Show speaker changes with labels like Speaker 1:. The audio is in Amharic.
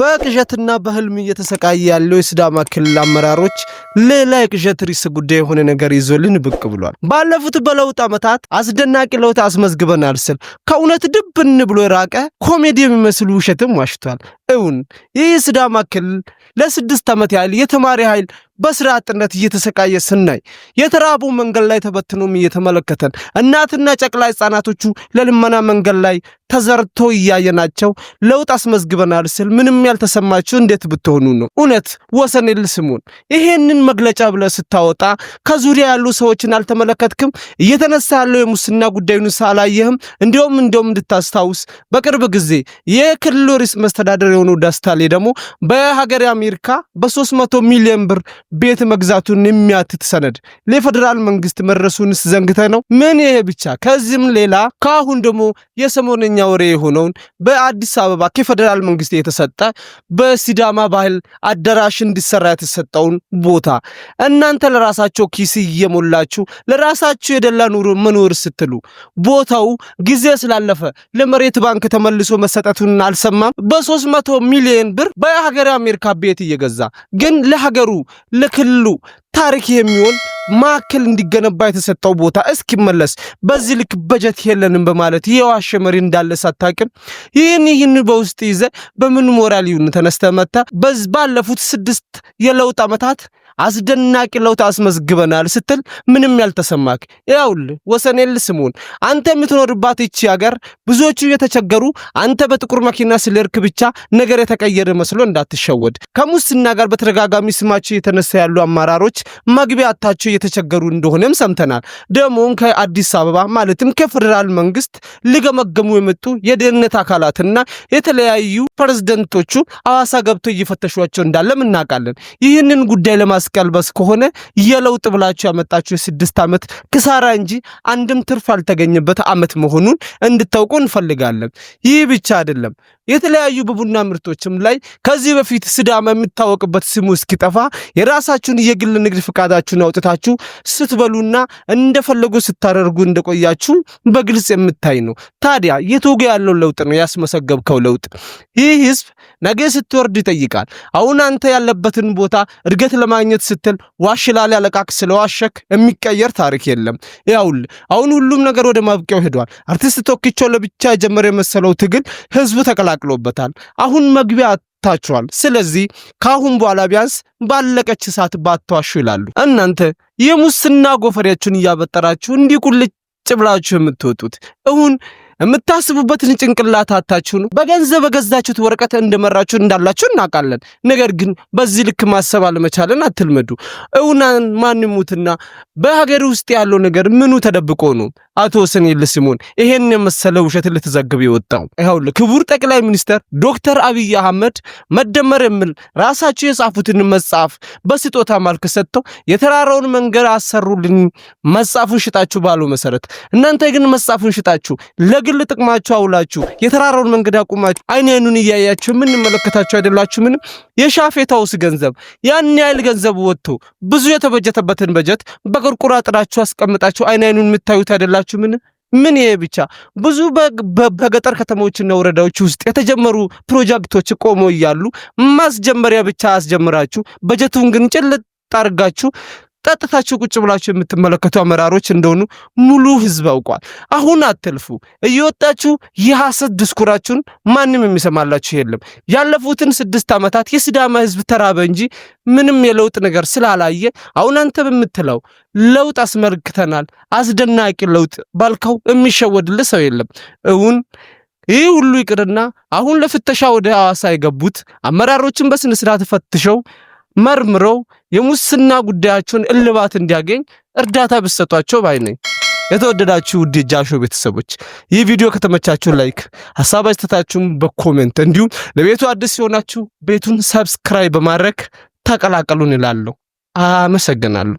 Speaker 1: በቅዠትና በህልም እየተሰቃየ ያለው የስዳማ ክልል አመራሮች ሌላ የቅዠት ርዕሰ ጉዳይ የሆነ ነገር ይዞልን ብቅ ብሏል። ባለፉት በለውጥ ዓመታት አስደናቂ ለውጥ አስመዝግበናል ስል ከእውነት ድብን ብሎ የራቀ ኮሜዲ የሚመስሉ ውሸትም ዋሽቷል። እውን ይህ የስዳማ ክልል ለስድስት ዓመት ያህል የተማሪ ኃይል በስራ አጥነት እየተሰቃየ ስናይ የተራቡ መንገድ ላይ ተበትኖም እየተመለከተን እናትና ጨቅላ ህጻናቶቹ ለልመና መንገድ ላይ ተዘርቶ እያየናቸው ለውጥ አስመዝግበናል ስል ምንም ያልተሰማችሁ እንዴት ብትሆኑ ነው? እውነት ወሰኔል ስሙን ይሄንን መግለጫ ብለ ስታወጣ ከዙሪያ ያሉ ሰዎችን አልተመለከትክም? እየተነሳ ያለው የሙስና ጉዳዩን ሳላየህም? እንዲሁም እንዲሁም እንድታስታውስ በቅርብ ጊዜ የክልሉ ርዕሰ መስተዳደር የሆኑ ደስታሌ ደግሞ በሀገር አሜሪካ በ300 ሚሊዮን ብር ቤት መግዛቱን የሚያትት ሰነድ ለፌዴራል መንግስት መድረሱን ስዘንግተ ነው? ምን ይሄ ብቻ። ከዚህም ሌላ ከአሁን ደግሞ የሰሞነ ከፍተኛ ወሬ የሆነውን በአዲስ አበባ ከፌደራል መንግስት የተሰጠ በሲዳማ ባህል አዳራሽ እንዲሰራ የተሰጠውን ቦታ እናንተ ለራሳቸው ኪስ እየሞላችሁ ለራሳችሁ የደላ ኑሮ መኖር ስትሉ ቦታው ጊዜ ስላለፈ ለመሬት ባንክ ተመልሶ መሰጠቱን አልሰማም። በሶስት መቶ ሚሊዮን ብር በሀገር አሜሪካ ቤት እየገዛ ግን ለሀገሩ ለክልሉ ታሪክ የሚሆን ማዕከል እንዲገነባ የተሰጠው ቦታ እስኪመለስ በዚህ ልክ በጀት የለንም በማለት የዋሸ መሪ እንዳለ ሳታቅም ይህን ይህን በውስጥ ይዘ በምን ሞራል ይሁን ተነስተ መታ ባለፉት ስድስት የለውጥ ዓመታት አስደናቂ ለውጥ አስመዝግበናል ስትል ምንም ያልተሰማክ ያውል ወሰኔል ስሙን አንተ የምትኖርባት ይቺ ሀገር ብዙዎቹ እየተቸገሩ አንተ በጥቁር መኪና ስለርክ ብቻ ነገር የተቀየረ መስሎ እንዳትሸወድ። ከሙስና ጋር በተደጋጋሚ ስማቸው የተነሳ ያሉ አመራሮች መግቢያ አታቸው እየተቸገሩ እንደሆነም ሰምተናል። ደግሞም ከአዲስ አበባ ማለትም ከፌደራል መንግስት ሊገመገሙ የመጡ የደህንነት አካላትና የተለያዩ ፕሬዝደንቶቹ አዋሳ ገብቶ እየፈተሿቸው እንዳለም እናውቃለን። ይህንን ጉዳይ ለማ ቀልበስ ከሆነ የለውጥ ብላችሁ ያመጣችሁ የስድስት ዓመት ክሳራ እንጂ አንድም ትርፍ ያልተገኘበት ዓመት መሆኑን እንድታውቁ እንፈልጋለን። ይህ ብቻ አይደለም። የተለያዩ በቡና ምርቶችም ላይ ከዚህ በፊት ስዳማ የሚታወቅበት ስሙ እስኪጠፋ የራሳችሁን የግል ንግድ ፍቃዳችሁን አውጥታችሁ ስትበሉና እንደፈለጉ ስታደርጉ እንደቆያችሁ በግልጽ የምታይ ነው። ታዲያ የቱ ጋ ያለው ለውጥ ነው ያስመሰገብከው ለውጥ? ይህ ህዝብ ነገ ስትወርድ ይጠይቃል። አሁን አንተ ያለበትን ቦታ እድገት ለማግኘት ስትል ዋሽላል አለቃክ ስለዋሸክ የሚቀየር ታሪክ የለም። ያውል አሁን ሁሉም ነገር ወደ ማብቂያው ሄዷል። አርቲስት ቶኪቾ ለብቻ የጀመረ የመሰለው ትግል ህዝቡ ተቀላቅሎበታል። አሁን መግቢያ ታችኋል። ስለዚህ ከአሁን በኋላ ቢያንስ ባለቀች እሳት ባትዋሹ ይላሉ። እናንተ የሙስና ጎፈሬያችሁን እያበጠራችሁ እንዲህ ቁልጭ ብላችሁ የምትወጡት እሁን የምታስቡበትን ጭንቅላት አታችሁ ነው። በገንዘብ በገዛችሁት ወረቀት እንደመራችሁ እንዳላችሁ እናውቃለን። ነገር ግን በዚህ ልክ ማሰብ አለመቻለን አትልመዱ። እውናን ማንሙትና በሀገር ውስጥ ያለው ነገር ምኑ ተደብቆ ነው? አቶ ሰኔል ሲሞን ይሄን የመሰለ ውሸት ልትዘግብ የወጣው ይኸውል ክቡር ጠቅላይ ሚኒስተር ዶክተር አብይ አህመድ መደመር የሚል ራሳቸው የጻፉትን መጽሐፍ በስጦታ መልክ ሰጥተው የተራራውን መንገድ አሰሩልኝ መጽሐፉን ሽጣችሁ ባሉ መሰረት እናንተ ግን መጽሐፉን ሽጣችሁ ለግል ጥቅማችሁ አውላችሁ የተራራውን መንገድ አቁማችሁ አይን አይኑን እያያችሁ የምንመለከታችሁ አይደላችሁ። ምን የሻፌታውስ ገንዘብ ያን ያህል ገንዘብ ወጥቶ ብዙ የተበጀተበትን በጀት በቁርቁራ አጥራችሁ አስቀምጣችሁ አይን አይኑን የምታዩት አይደላችሁ። ምን ምን ይሄ ብቻ ብዙ በገጠር ከተሞችና ወረዳዎች ውስጥ የተጀመሩ ፕሮጀክቶች ቆሞ እያሉ ማስጀመሪያ ብቻ አስጀምራችሁ በጀቱን ግን ጭልጥ አርጋችሁ ጠጥታችሁ ቁጭ ብላችሁ የምትመለከቱ አመራሮች እንደሆኑ ሙሉ ህዝብ አውቋል። አሁን አትልፉ። እየወጣችሁ የሐሰት ድስኩራችሁን ማንም የሚሰማላችሁ የለም። ያለፉትን ስድስት ዓመታት የስዳማ ህዝብ ተራበ እንጂ ምንም የለውጥ ነገር ስላላየ አሁን አንተ በምትለው ለውጥ አስመልክተናል፣ አስደናቂ ለውጥ ባልከው የሚሸወድልህ ሰው የለም እውን ይህ ሁሉ ይቅርና አሁን ለፍተሻ ወደ ሐዋሳ የገቡት አመራሮችን በስነስርዓት ፈትሸው መርምረው የሙስና ጉዳያቸውን እልባት እንዲያገኝ እርዳታ ብሰጧቸው ባይ ነኝ። የተወደዳችሁ ውድ ጃሾ ቤተሰቦች ይህ ቪዲዮ ከተመቻችሁ ላይክ፣ ሀሳብ አስተያየታችሁን በኮሜንት እንዲሁም ለቤቱ አዲስ የሆናችሁ ቤቱን ሰብስክራይብ በማድረግ ተቀላቀሉን እላለሁ። አመሰግናለሁ።